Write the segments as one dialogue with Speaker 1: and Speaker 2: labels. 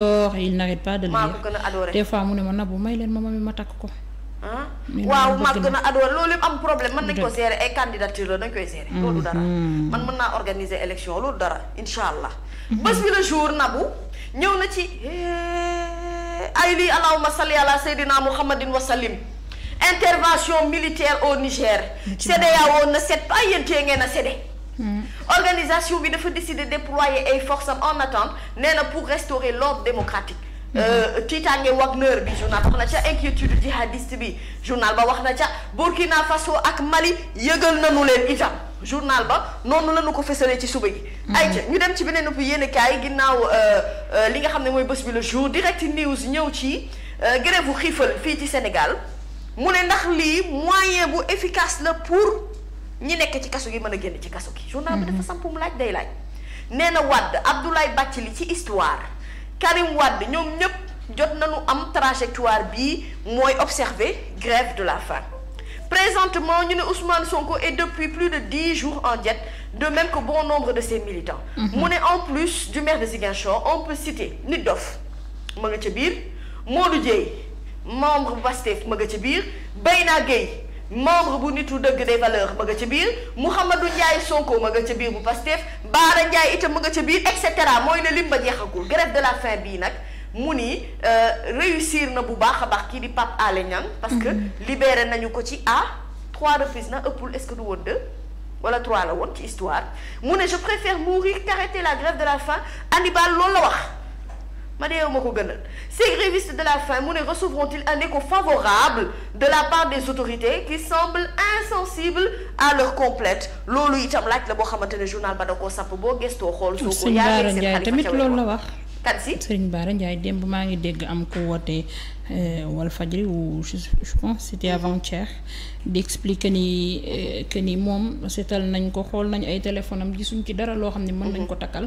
Speaker 1: et il n'arrête pas de le lire des fois mu ne ma nabu may leen ma mami ma takk ko. waaw maa gën a adoré loolu yëpp
Speaker 2: am problème mën nañ koo gérer ay candidature la dañ koy gérer. Mm-hmm. loolu dara man mën naa organiser élection loolu dara incha allah. Mm-hmm. bés bi le jour nabu ñëw na ci eh, ay lii allahumma salli ala sayyidina muhammadin wa salim intervention militaire au Niger. CEDEAO na set pas yéen tee ngeen a séddee. organisation bi dafa décider déployer ay forces am en attente nee na pour restaurer l'ordre démocratique mhm. euh, tiitaange Wagner bi journal wax na ca inquiétude jihadiste bi journal ba wax na ca Burkina Faso ak Mali yëgal nañu leen itam journal ba noonu la ñu ko fësalee ci suba gi. Mhm. ayca ñu dem ci beneen ëpp yéen kaay ginnaaw euh, euh, li nga xam ne mooy bés bi le jour direct news ñëw ci grève bu xiifal fii ci Sénégal mu ne ndax lii moyen bu efficace la pour. ñi nekk ci kaso gi mën a génn ci kaso gi. journal bi mhm. dafa sampum laaj day laaj. nee na Wade Abdoulaye Bathily ci histoire Karim Wade ñoom ñëpp jot nañu am trajectoire bii mooy observer grève de la faim. présentement ñu ne Ousmane Sonko est depuis plus de dix jours en diète de même que bon nombre de ses militants. Mhm. mu ne en plus du maire de Ziguinchor on peut citer Nit Dof ma nga ca biir Modou Dieye membre Pastef ma nga ca biir Bayna Gueye. membre bu nitu dëgg des valeurs ma nga ca biir Mouhamadou Ndiaye Sonko ma nga ca biir bu Pastef Baara Ndiaye itam ma nga ca biir et mooy ne lim ba jeexagul grève de la faim bii nag mu ni euh, réussir na bu baax a baax kii di Pape Alé Niang parce que mhm. libéré nañu ko ci à trois reprises na ëppul est-ce que du woon deux wala trois la woon ci histoire mu ne je préfère mourir qu'arrêter la grève de la faim Hannibal loolu la wax ma deew ma ko gënal ces grévistes de la faim mu ne recevront t un écho favorable de la part des autorités qui semblent insensibles à leur complainte loolu itam laaj la boo xamante ne journal ba da koo samp boo gëstoo xool soo ko yaa ngi seen tamit loolu la
Speaker 1: wax kan si Serigne Bara Ndiaye démb maa ngi dégg am ko woote euh, Walfadjri ou je je pense c'était mhm. avant-hier di expliquer ni euh, que ni moom seetal nañ ko xool nañ ay téléphone am gisuñ ci dara loo xam ne mën nañ mhm. ko takkal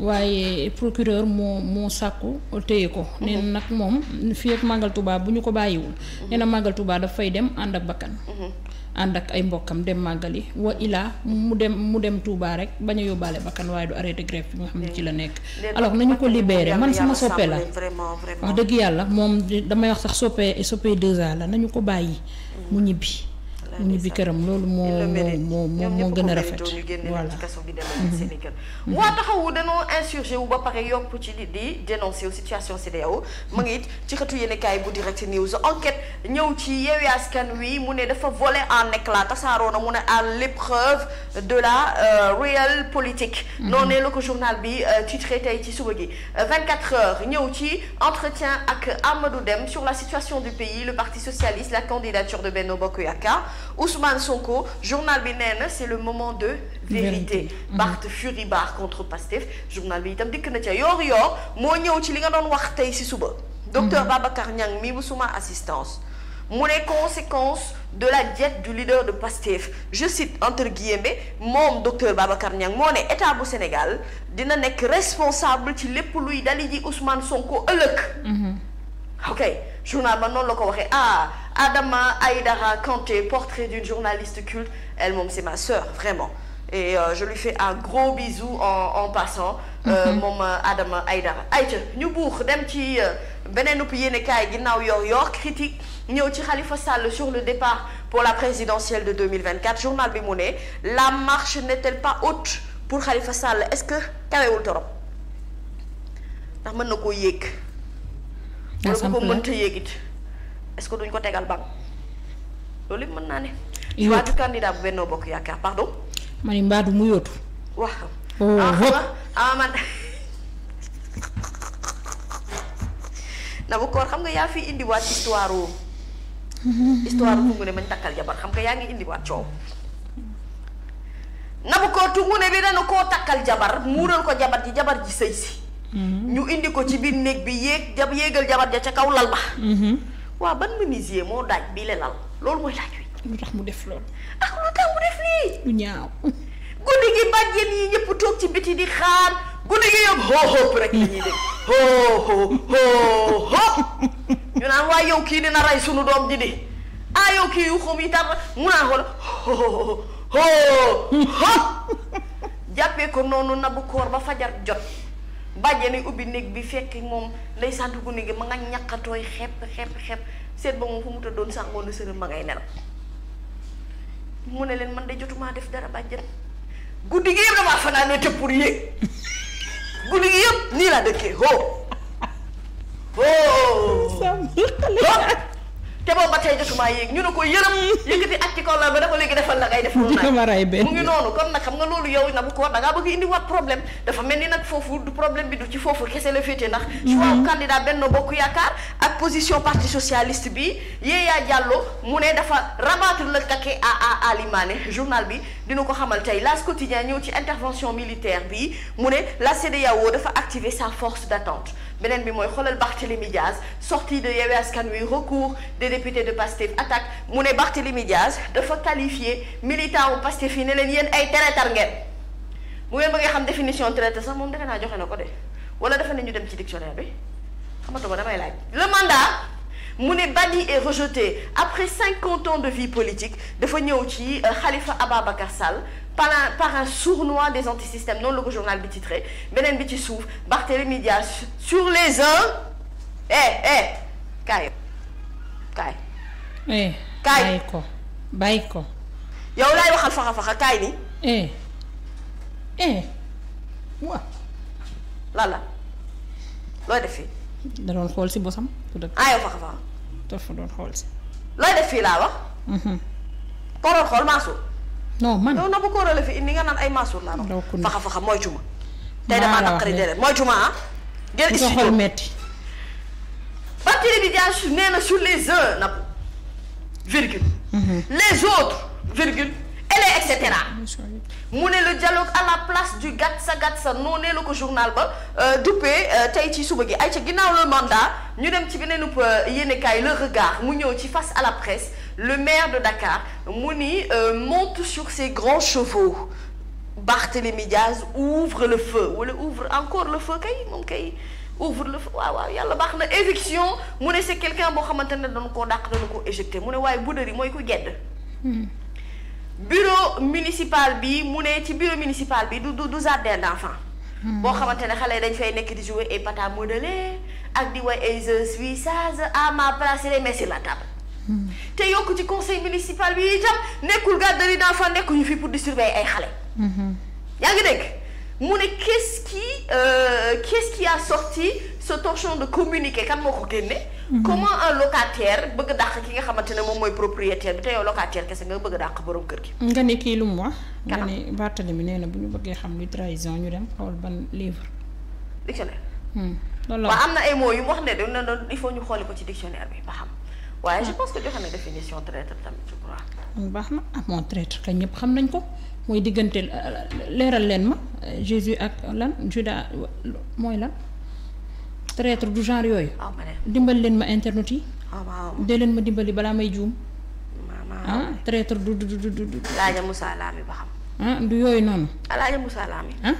Speaker 1: waaye procureur moo moo sàkku téye ko. Mhm. nee nag moom fii màggal Tuubaa bu ñu ko bàyyiwul. Mhm. nee na màggal Tuubaa daf fay dem ànd ak bakkan. Mhm. ànd ak ay mbokkam dem màggali wa ilaa mu dem mu dem Touba rek bañ a yóbbaale bakkan waaye du arrêté grève fi nga xam ne ci la nekk. alors nañu ko libéré man sama soppee la wax dëgg yàlla moom damay wax sax soppee soppe deux ans la nañu ko bàyyi. mu ñibbi. mu ñibbi këram loolu moo moo moo moo gën a rafet voilà
Speaker 2: mhm. mhm. waa taxawu danoo insurgé wu ba pare yokk ci di di dénoncer wu situation CEDEAO ma ngi it ci xëtu yéenekaay bu direct news enquête ñëw ci Yewwi Askan Wi mu ne dafa volé en éclat tasaaroo na mu ne à l'épreuve de la euh, réelle politique mhm. noonu la ko journal bi euh, titré tey ci suba gi 24 euh, heures ñëw ci entretien ak Amadou Deme sur la situation du pays le parti socialiste la candidature de Benno Bokk Yakaar Ousmane Sonko journal bi nee na c'est le moment de vérité Barth furie barre contre Pastef journal bi itam dikk na ca yoor yoor moo ñëw ci li nga doon wax tey si suba docteur mhm. Babacar Niang mii bu suma assistance mu ne conséquence de la diète du leader de Pastef je cite entre guillemets moom docteur Babacar Niang moo ne état bu Sénégal dina nekk responsable ci lépp luy dali ji Ousmane Sonko ëllëg mhm. ok journal ba noonu la ko waxee ah Adama Aïdara Kanté portrait d'une journaliste culte elle moom c'est ma sœur vraiment et euh, je lui fais un gros bisou en passant. Euh, mhm. moom euh, Adama Aïdara. ayca ñu buux dem ci euh, beneen ëpp yéenekaay ginnaaw yor yor critique ñëw ci Khalifa Sall sur le départ pour la présidentielle de 2024 journal bi mu ne la marche n'est-elle pas haute pour Khalifa Sall est-ce que kawewul torop ndax mën na koo yéeg.
Speaker 1: Ah, ko mënta yéeg
Speaker 2: it. est-ce que duñ ko tegal banque loolu yëpp mën naa ne. yóotu waa bu Benno Bokk Yaakaar pardon.
Speaker 1: ma ne Mbadou mu yóotu. waaw. Oh, ah, ah,
Speaker 2: ah man Nabou Cor xam nga yaa fi indiwaat histoire wu. histoire Tungune mañ takkal jabar xam nga yaa ngi indiwaat coow. Nabou Cor Tungune bi dana koo takkal jabar muural ko jabar ji jabar ji sëy si. Mm-hmm. ñu indi ko ci biir néeg bi yéeg jab yéegal jabar ja ca kaw lal ba. Mm-hmm. waaw ban menuisier moo daaj bii la lal loolu
Speaker 1: mooy laaj wi. lu tax mu def loolu. ah lu tax mu def lii. lu ñaaw. guddi gi bàjjen yi ñëpp toog ci biti di xaar guddi gi yëpp hoo rek li ñuy def
Speaker 2: ñu naan waaye yow kii dina rey sunu doom ji di ah yow kii yu xom yi tar mu naan xool jàppee ko noonu nabu koor ba fajar jot. bàjjee ubbi néeg bi fekk moom ndeysaan dugg néeg ma nga ñaqatooy xepp xepp seet ba moom fu mu doon sàngoon na sërëm ma ngay nelaw mu ne leen man de jotumaa def dara bàjjen guddi gi yëpp damaa fanaanee tëb pour yéeg guddi gi yëpp nii laa dëkkee hoo hoo te boobu ba tey jotumaa yéeg ñu ne ko yërëm yëkkati ak ci kaw la ba dafa léegi defal la ngay def mu
Speaker 1: ngi
Speaker 2: noonu kon nag xam nga loolu yow na bu ko da ngaa bëgg indi waat problème dafa mel nag foofu du problème bi du ci foofu kese la féete ndax mhm. choix candidat benn Bokk Yaakaar ak position parti socialiste bi Yaya Diallo mu ne dafa rabattre le taquet à à Alimane journal bi dina ko xamal tey L'As Quotidien ñëw ci intervention militaire bi mu ne la CEDEAO dafa activer sa force d'attente beneen bi mooy xoolal Barthélémy Diaz sorti de Yewwi Askan Wi recours des députés de Pastef attaque mu ne Barthélémy Diaz dafa qualifié militant wu Pastef yi ne leen yéen ay traiteur ngeen bu ngeen bëggee xam définition traiteur sax moom defe naa joxe na ko de wala dafa ne ñu dem ci dictionnaire bi xamatuma damay laaj le mandat mu ne banni et rejeté après cinquante ans de vie politique dafa ñëw ci xalifa euh, Ababacar Sall par un par un sournois des antisystèmes noonu la ko journal bi titré beneen bi ci suuf Barthélémy Dias sur les uns eh eh kaay kaay.
Speaker 1: eh kaay bàyyi ko bàyyi ko.
Speaker 2: yow laay waxal faxa faxa kaay ni
Speaker 1: eh, eh. wa
Speaker 2: lala looy def fii.
Speaker 1: da doon xool si bosam. ah yow faxa faxa. dafa doon xool si. non man yow Nabou Cor la fi indi nga naan ay Mansour laa
Speaker 2: doon. faxa faxa moytu ma. tey damaa naqari déedéet moytu ma ah. gën studio bu ko xool metti. Barthélémy Dias nee na sur les uns Nabou virgule. Mhm. les autres virgule. et cetera mu ne le dialogue à la place du gatsa gatsa noonee la ko journal ba euh, duppee euh, tey ci suba gi ay ca ginnaaw le mandat ñu dem ci beneen euh, yéenekaay la regard mu ñëw ci face à la presse le maire de Dakar mu ni euh, monte sur ses grands chevaux Barthélémy Diaz ouvre le feu wala ouvre encore la feu kay moom kay ouvre le feu waaw waaw yàlla baax na éviction mu ne c'est quelqu'un boo xamante ne dañ koo dàq dañu ko éjecté mu ne waaye Boudary mooy ku gedd hmm. bureau municipal bi mu ne ci bureau municipal bi du du du jardin d'enfant hmm. boo xamante ne xale dañ fay nekk di jouer ay pâte à modeler ak di way ay je suis ma place les la table Mm. te yokk ci conseil municipal bi itam nekkul garderie d'enfants nekkuñu fi pour di surveiller ay xale. Mm-hmm. yaa ngi dégg mu ne qu'est-ce qui euh, qu'est-ce qui a sorti ce torchon de communiqué kan moo ko génne. Mm-hmm. comment un locataire bëgg dàq ki nga xamante ne moom mooy propriétaire bi te yow locataire kese nga bëgg dàq borom kër gi.
Speaker 1: nga ne kii lu mu wax. kanam nga ne Barthélemy nee na bu ñu bëggee xam li trahison ñu dem xool ban livre. dictionnaire. Hmm. loolu la waaw am na ay mots
Speaker 2: yu mu wax ne de il ñu ko ci dictionnaire bi waaye ah. je pense que joxe na définition traître tamit
Speaker 1: je crois. Mm, baax na ah moom traître kañ ñëpp xam nañ ko mooy diggante euh, leeral leen ma euh, Jésus ak lan Juda mooy lan traître du genre yooyu. Ah, dimbali leen ma internet yi. Ah, dee leen ma dimbali balaa may juum. ah traître du du du du. laaja Moussa xam. du yooyu noonu. ah laaja Moussa Lamy. ah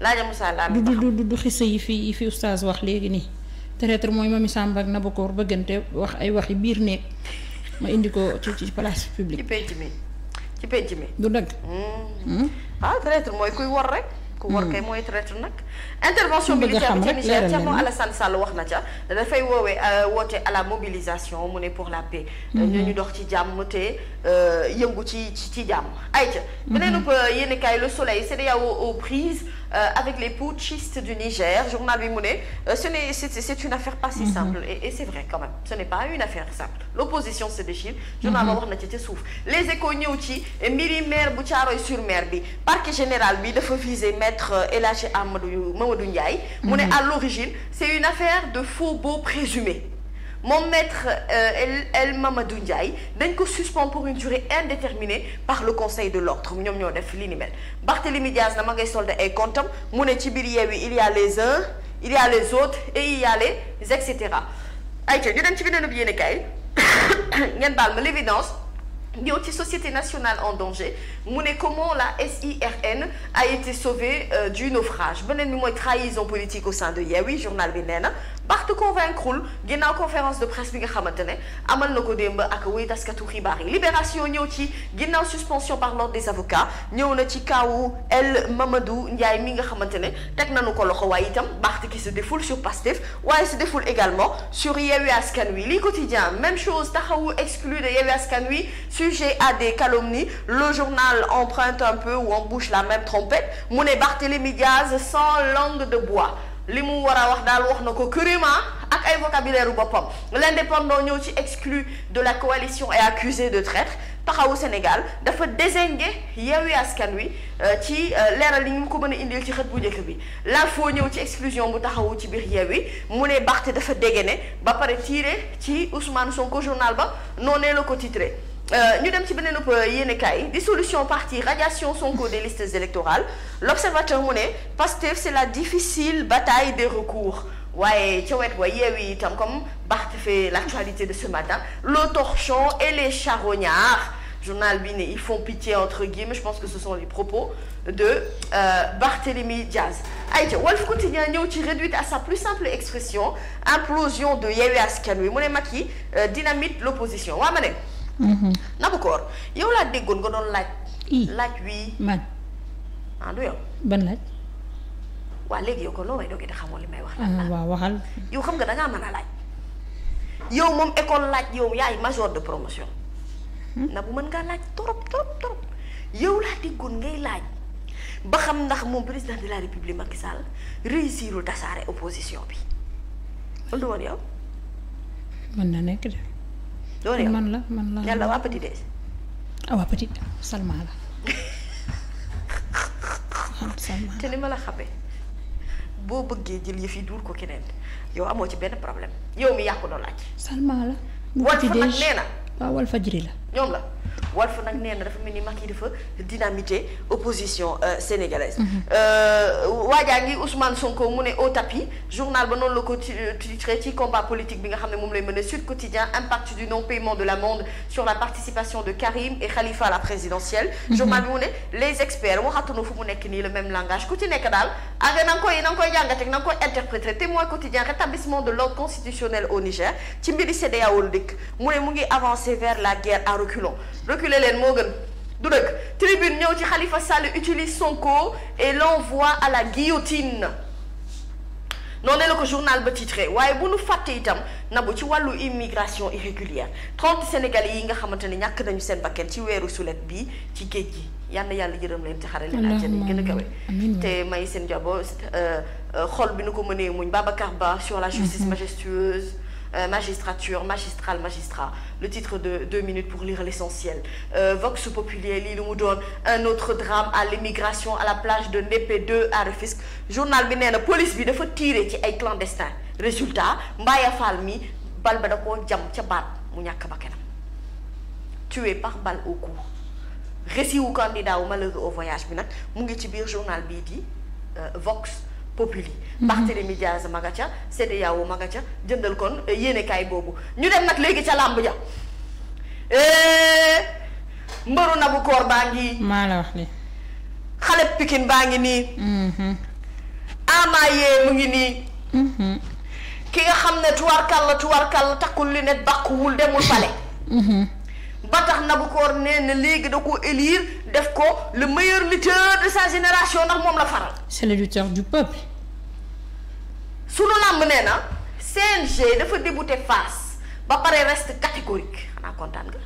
Speaker 1: laaja Moussa Lamy du du du du xisa yi fi yi fi oustaz wax léegi nii. traître mooy Mamy Samb ak Nabakoor bëggante wax ay waxi biir néeg ma indi ko ci ci place publique. ci penc mi ci penc mi. du dëgg.
Speaker 2: Hmm.
Speaker 1: Hmm? ah traître mooy kuy wor
Speaker 2: rek. ku wor hmm. kay mooy traître nag. intervention militaire bi ci Niger Thierno Alassane Sall wax na ca dafay woowee euh, woote à la mobilisation mu ne pour la paix. ñu ñu dox ci jàmm te euh, yëngu ci ci jàmm. ayca. beneen euh, yéen i kaay le soleil c'est déjà aux prises. Euh, avec les putschistes du Niger journal bi mu ne ce n'est c'est une affaire pas si mhm. simple et c'est vrai quand même ce n'est pas une affaire simple l'opposition se na ci te suuf les échos ñëw ci mbiri maire bu Thiaroye sur mer bi parquet général bi dafa viser maître euh, El Hadji Amadou Mamadou Ndiaye mu ne mhm. à l'origine c'est une affaire de faux baux présumés moom maître euh, El El Mamadou Ndiaye dañ ko suspend pour une durée indéterminée par le conseil de l'ordre ñoom ñoo def li ni mel Barthélémy Dias na ma ngay solde ay comptam mu ne ci biir Yewwi il y les uns il y a les autres et il y a les et cetera ayca ñu dem ci beneen bi yéenekaay ngeen baal ma ñëw ci société nationale en danger mu ne comment la SIRN a été sauvée euh, du naufrage beneen bi mooy trahison politique au sein de Yewwi journal bi nee na Barth convaincrewul ginnaaw conférence de presse bi nga xamante ne amal na ko démb ak wéy taskatu xibaar yi libération ñëw ci ginnaaw suspension par l'ordre des avocats ñëw na ci kawu El Mamadou Ndiaye mi nga xamante ne teg nañu ko loxo waaye itam Barth ki se défoule sur Pastef waaye se défoule également sur Yewwi Askan Wi lii quotidien même chose taxawu exclu de Askan Wi sujet à des calomnies le journal emprunte un peu ou embouche la même trompette mu ne Barthélémy Diaz sans de bois li mu war a wax daal wax na ko curriment ak ay vocabulaire boppam l'indépendant ñëw ci exclu de la coalition et accusé de traître taxawu Sénégal dafa désingué Yewwi Askan Wi euh, ci euh, leeral li ñu ko mën a indil ci xët bu njëkk bi foo ñëw ci exclusion bu taxawu ci biir Yewwi mu ne Barthe dafa dégg ba pare tiré ci Ousmane Sonko journal ba noonee la ko titré Euh, ñu dem ci beneen ëpp euh, yéenekaay dissolution parti radiation Sonko des listes électorales l'observateur mu ne Pastef c'est la difficile bataille des recours waaye ca et wa yeewi itam comme Barth fait l'actualité de ce matin le torchon et les charognards journal bi ne ils font pitié entre guillemets je pense que ce sont les propos de euh, ay Diaz ayca Walf Quotidien ñëw ci réduite à sa plus simple expression implosion de Yewwi Askan Wi mu ne Macky euh, dynamite l'opposition waa ma
Speaker 1: Mm-hmm.
Speaker 2: Nabukoor yow laa déggoon nga doon laaj.
Speaker 1: laaj wii man.
Speaker 2: ah du yow. léegi yow ko loo way li may wax.
Speaker 1: ah waaw waxal. yow xam nga da a
Speaker 2: laaj. yow moom laaj yow yaay major de promotion. Hmm? na bu mën ngaa laaj torop torop torop yow laa déggoon ngay laaj ba xam ndax moom président de la république Macky Sall réussirul tasaare opposition bi loolu du
Speaker 1: woon yow. mën na nekk de. doon yow man la man la yàlla waa Petit Déj. ah waa Petit Salma la.
Speaker 2: te li ma la xamee boo bëggee jël yëf yi duur ko keneen yow amoo ci benn problème yow mi yàqu doon laaj.
Speaker 1: Salma la. mu Petit Déj Walf nag nee na. la.
Speaker 2: ñoom la Walf nag nee na dafa mel ni Macky dafa dynamité opposition euh, sénégalaise. Mhm. Euh, waajaa ngi Ousmane Sonko mu ne au tapis journal ba noonu la ko euh, titré ci combat politique bi nga xam ne moom lay a Sud Quotidien impact du non paiement de l'amende sur la participation de Karim et Khalifa à la présidentielle. Mhm. journal bi mu ne les experts waxatuñu fu mu nekk nii le même langage ku ci nekk daal ak na koy na koy jàngateeg na nga koy interpréter témoin quotidien reculons reculer leen moo gën du dëkk tribune ñëw ci Khalifa Sall utilise Sonko et l'envoie à la guillotine noonu la ko journal ba titré waaye bu nu fàtte itam na bu ci wàllu immigration irrégulière trente sénégalais yi nga xamante ne ñàkk nañu seen bakken ci weeru sulet bi ci géej gi yàlla yàlla yërëm leen te xare leen àjjana gën a kawe te may seen jabo euh, euh, xol bi nu ko mënee muñ Babacar Ba sur la justice mm-hmm. majestueuse Euh, magistrature magistral magistrat le titre de deux minutes pour lire l'essentiel euh, Vox Populi lii lu mu doon un autre drame à l'immigration à la plage de Ndépé 2 à Rufisque journal bi nee na police bi dafa tiire ci ay clandestins résultat Mbaye mi bal ba da koo jam ca baat mu ñàkk bakkanam tué par balle au cou récit candidat wu malheureux au voyage bi nag mu ngi ci biir journal bii di euh, Vox Populi mhm. Barthélémy Diaz ma nga ca CEDEAO ma nga ca jëndal kon euh, yéenekaay boobu ñu dem nag léegi ca làmb ja euh, mbëru Nabou Cor baa ngi maa la wax li xale Pikine baa ngi nii mhm. amaayee mu ngi nii mhm. ki nga xam ne tuwarkal la tuwarkal la takkul li net bàkkuwul demul pale ba tax Nabou Cor léegi da ko élire def ko le meilleur lutteur de sa génération ndax moom la faral.
Speaker 1: c'est le lutteur du peuple.
Speaker 2: sunu làmb nee na CNG dafa débouté face ba pare reste catégorique xanaa kontaan nga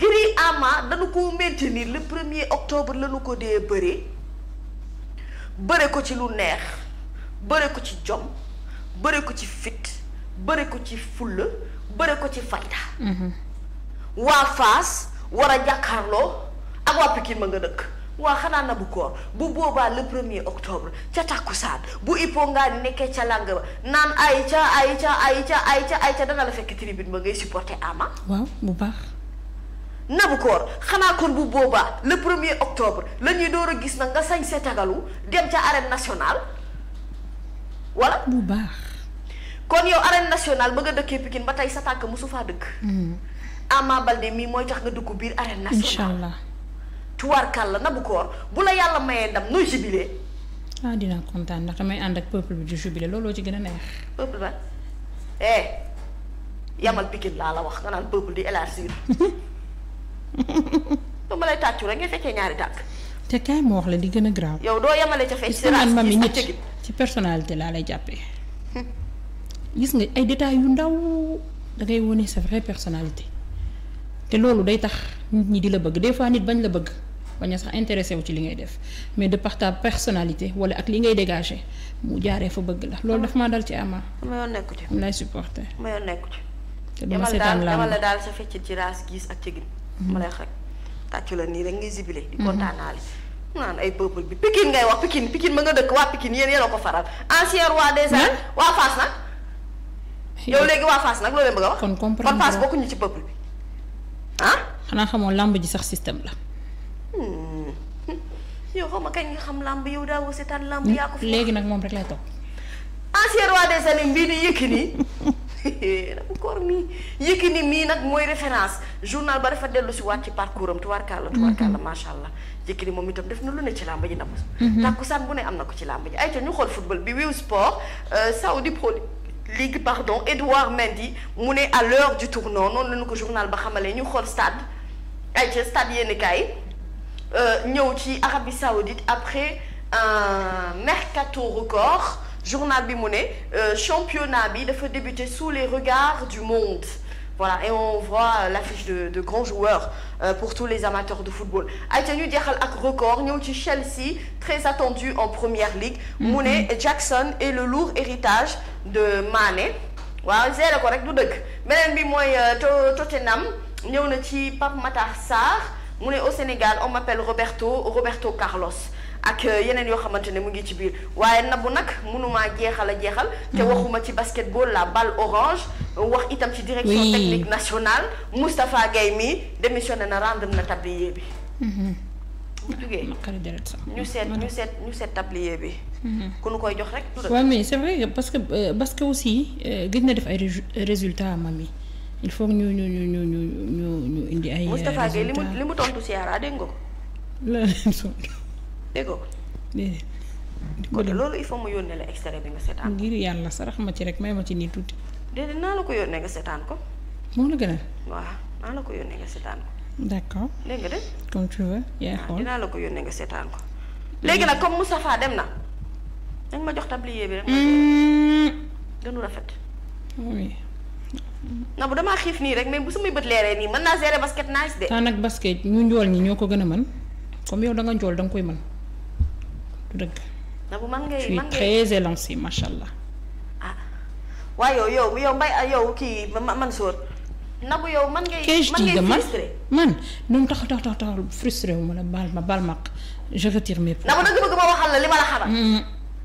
Speaker 2: Gris Ama dañu ko maintenir le premier octobre lañu ko dee bëree bëre ko ci lu neex bëre ko ci jom bëre ko ci fit bëre ko ci fulla bëre ko ci fayda. Mhm. waa Fass war a jàkkaarloo. ak waa Pikine ma nga dëkk waa xanaa na bu koor bu boobaa le premier octobre ca tàkkusaan bu Hippo Ngane nekkee ca làng ba naan ayca ayca ayca ayca ayca dana la fekk tribune ba ngay supporter Ama
Speaker 1: waaw bu baax
Speaker 2: nabu xanaa kon bu boobaa le premier octobre la ñuy door a gis nag nga sañ sa tagalu dem ca arène nationale wala bu baax kon yow arène nationale ba nga dëkkee Pikine ba tey sa tànk mosu faa dëkk hmm. Ama Baldé mooy tax nga dugg biir arène nationale tuwaarkal la Nabou Cor bu la yàlla mayee ndam nooy jubilé.
Speaker 1: ah dinaa kontaan ndax damay ànd ak peuple bi di jubilé looloo ci gën a neex.
Speaker 2: peuple ba eh yamal pikin laa la wax nga naan peuple di élargir. ba ma lay tàccu rek nga fekkee ñaari tàkk.
Speaker 1: te kaay moo wax la di gën a grave.
Speaker 2: yow doo yemale ca fecc. ci man mami nit
Speaker 1: ci personnalité laa lay nga ay détails yu ndaw da ngay wone sa vraie personnalité te loolu day tax nit ñi di la bëgg des fois nit bañ la bëgg. bañ sax intéressé wu ci li ngay def mais de par ta wala ak li ngay dégagé mu jaaree fa bëgg la loolu dafa ma dal ci ama ma yoon nekku ci mu lay supporté ma yoon nekku ci te
Speaker 2: daal sa fecc ci raas gis ak cëgin ma lay xaj tàccu la nii rek ngay zibilé di mhm. kontaanaale mu naan ay peuple bi Pikine ngay wax pikin Pikine ma nga dëkk waa Pikine yéen yéen ko faral ancien waa des waa Fass nag yow léegi waa Fass nag loolu leen bëgg
Speaker 1: a wax kon comprendre kon Fass bokkuñu ci peuple bi ah xanaa xamoon làmb ji sax système la
Speaker 2: Hmm. yow xam nga kañ nga xam làmb yow daawoo seetaan làmb yaa hmm? ko. léegi nag moom rek lay topp. ancien roi des arènes bii di Yékini encore mii nag mooy référence journal ba dafa dellu si waat ci parcours am tubaarkàlla tubaarkàlla macha allah Yékini moom itam def na lu ne ci làmb ji na ko. tàkkusaan bu ne am na ko ci làmb ji ay ca ñu xool football bi wiw sport eh, Saudi Pro League pardon Edouard Mendy mu ne à l'heure du tournant noonu la ñu ko journal ba xamale ñu xool stade ay ca stade Euh, ñëw ci Arabie Saoudite après un mercato record journal bi mu ne euh, championnat bi dafa débuter sous les regards du monde et on voit l'affiche de grands joueurs euh, pour tous les amateurs de football ayca ñu jeexal ak record ñëw ci Chelsea très attendu en première ligue mu ne mhm. Jackson est le lourd héritage de Mané waaw seere ko rek du dëgg beneen bi mooy Tottenham ñëw na ci Pape Matar mu ne au Sénégal on m'appelle Roberto Roberto Carlos ak yeneen yoo xamante ne mu ngi ci biir waaye nabu nag mënuma jeexal a jeexal te mm-hmm. waxuma ci basketball la balle orange wax itam ci direction technique nationale Moustapha Gueye mii démissionné na rendre na tablier bi
Speaker 1: bu mm-hmm. jugee
Speaker 2: ñu seet ñu seet ñu seet tablier bi. Mm-hmm. ku nu koy jox rek.
Speaker 1: waaw mais parce que euh, parce que aussi euh, gëj na def ay résultats mami. il faut ñu ñu ñu ñu ñu ñu ñu indi ay. Euh, Moustapha Gueye li mu
Speaker 2: li mu tontu Ciara dégg ko.
Speaker 1: la leen
Speaker 2: loolu il faut mu yónnee la extrait bi nga seetaan
Speaker 1: ngir yàlla sarax ma ci rek may ma ci nii tuuti.
Speaker 2: déedéet naa la ko yónnee nga seetaan ko. moo la gën a. naa la ko yónnee nga seetaan ko. d' accord de.
Speaker 1: comme tu yaay
Speaker 2: xool ah, dinaa la ko yónnee nga seetaan ko. léegi nag comme Moustapha dem na. dañ ma jox tablier bi rek. Hmm. gënu rafet. na bu damaa xiif nii rek mais bu sumay bët leeree nii mën naa gérer
Speaker 1: basket nice de. taa nag basket ñu njool ñi ñoo ko gën a mën comme yow da nga njool da koy mën du
Speaker 2: dëgg. man ngay man ngay très
Speaker 1: élancé macha ah.
Speaker 2: yow yow yow ah, kii man sóor. yow man ngay man
Speaker 1: man man tax tax tax tax frustré wu ma la baal ma baal ma je retire mes. na bu dëgg bëgg waxal la li ma la xamal. Mm-hmm.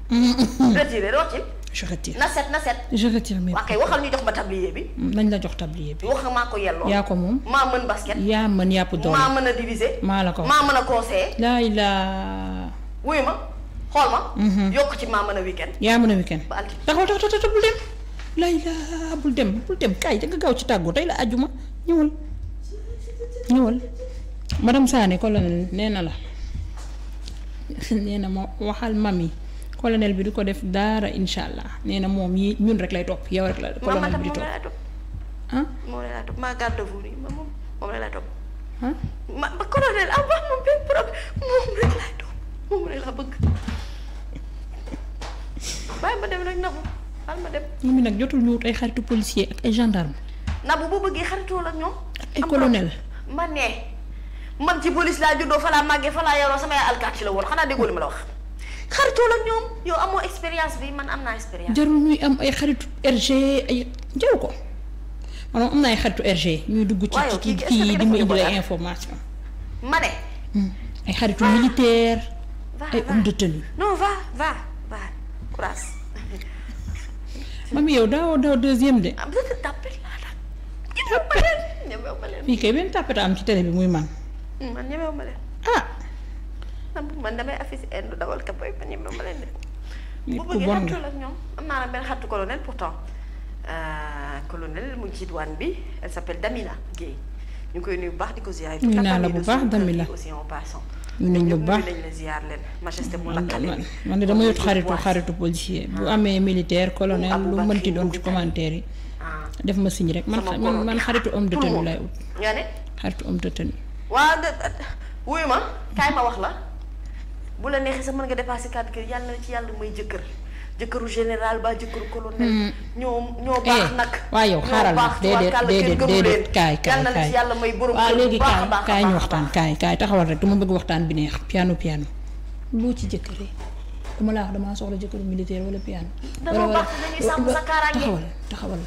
Speaker 1: Mm-hmm. retiré rocci. je retire. na set na set. je retire mais. ok waxal ñu jox ma tablier bi. Mm, nañ la jox tablier
Speaker 2: bi. wax maa ko yelloo. yaa
Speaker 1: ko moom. maa mën basket. yaa mën yàpp doole. maa mën a diviser. maa la ko maa mën
Speaker 2: a conseiller. laa
Speaker 1: ilaa. wuyu ma xool ma. Mm-hmm.
Speaker 2: yokk ci maa mën a weekend.
Speaker 1: yaa mën a weekend. ba altine taxaw taxaw bul dem. laa ilaa bul dem bul dem kaay da nga gaaw ci tàggoo tey la àjjuma ñëwal ñëwal. madame Sané colonel nee na la nee na ma waxal colonel bi du ko def dara incha allah nee na moom yi ñun rek lay topp yow rek la. colonel bi di topp ah. moom ma nag jotul ñu ay xaritu policier ak ay gendarme.
Speaker 2: nabu boo bëggee xaritoo la ne man ci police laa juddoo fa laa màggee yaroo sama yaay alkaati la woon xanaa déggoo li ma la wax. xaritoo la ñoom yow amoo expérience bi man am naa expérience.
Speaker 1: jarul ñuy am ay xaritu RG ay jaru ko maanaam ñuy dugg ci ci kii kii di ma information ma ne. Hmm. ay xaritu militaire. ay homme non
Speaker 2: va va va
Speaker 1: mami yow daawoo daw deuxième de. am ah, na fii kay benn tapet am ci télé bi muy man.
Speaker 2: Hmm, man damay affiche indu dawal ka booy ba ñebe ma leen def. nit ku bon naa nag euh, bi elle s'appelle Damila Guèye ñu ngi bu baax di ko ziar. ñu naan la bu baax Damila
Speaker 1: aussi en passant. ñu ngi baax la ziar leen majesté mu lakkale man man dama yot xaritu xaritu policier bu ah. amee militaire colonel lu mënti doon commentaire yi. Ah. def ma signe rek man xaritu homme de tenue lay ut. nga xaritu homme de
Speaker 2: waaw wuyu ma kaay ma wax la. bu la neexee sax mën nga dépasser quatre kër yàlla na ci yàlla may jëkkër jëkkëru général ba jëkkëru colonel. Hmm. ñoo ñoo baax eh, nag.
Speaker 1: waaw yow xaaral ma déedéet déedéet déedet kaay kaay kaay yàlla may borom waaw léegi kaay kaay ñu waxtaan kaay kaay taxawal rek dama bëgg waxtaan bi neex piano piano loo ci jëkkëree dama laa wax damaa soxla jëkkëru militaire wala piano. wala wala taxawal taxawal.